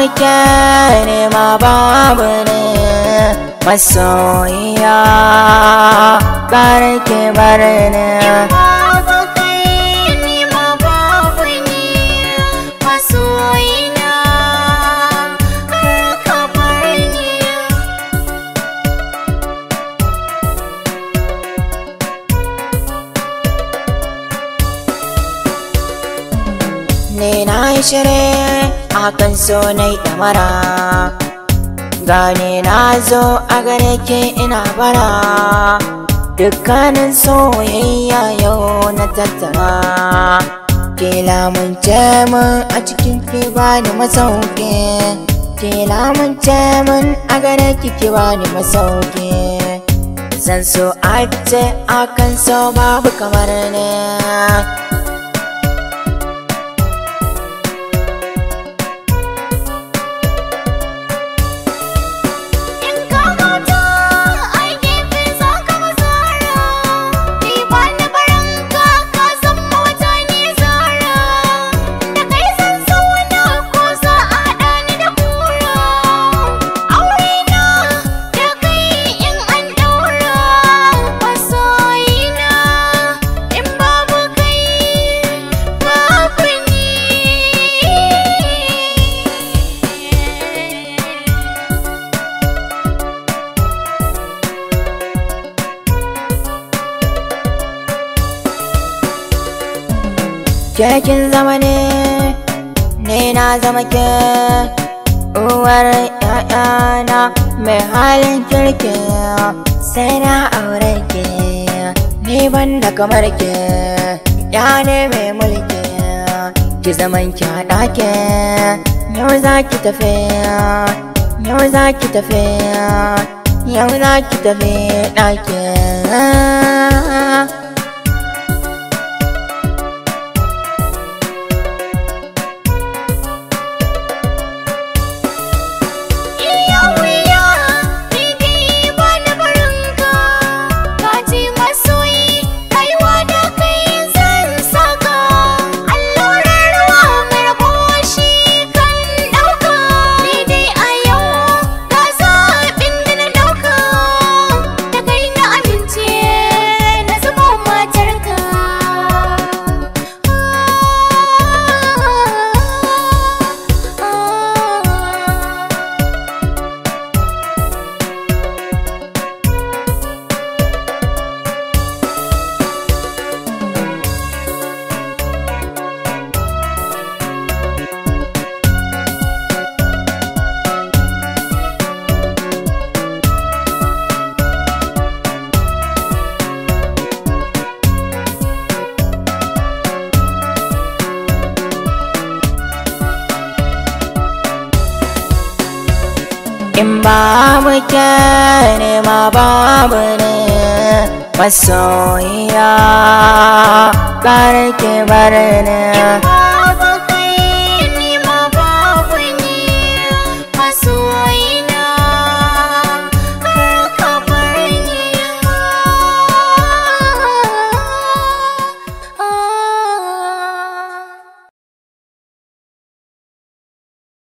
muke nema babu ne masoyiya ƙarki bar ne ne na shire a akan so na yi damara gane na zo a gare ke ina bara dukkanin soyayya yau na tattara kila mun ce mun a cikin ki bani masauki kila mun ce mun a gare ki ki ni masauki zan so a ce akan so babu kamar ne Kekin zama ne, ne na zama ke Uwar ‘ya'yana mai halin kirki Sai na aure ke, ni ban da kamar ke Ya ne mai mulki, ki zaman ki haɗa ke Yau za ki tafi, yau za ki tafi Yau za ki tafi ɗaki in babu kyare ma babu ne masoyiya ƙarki bar ne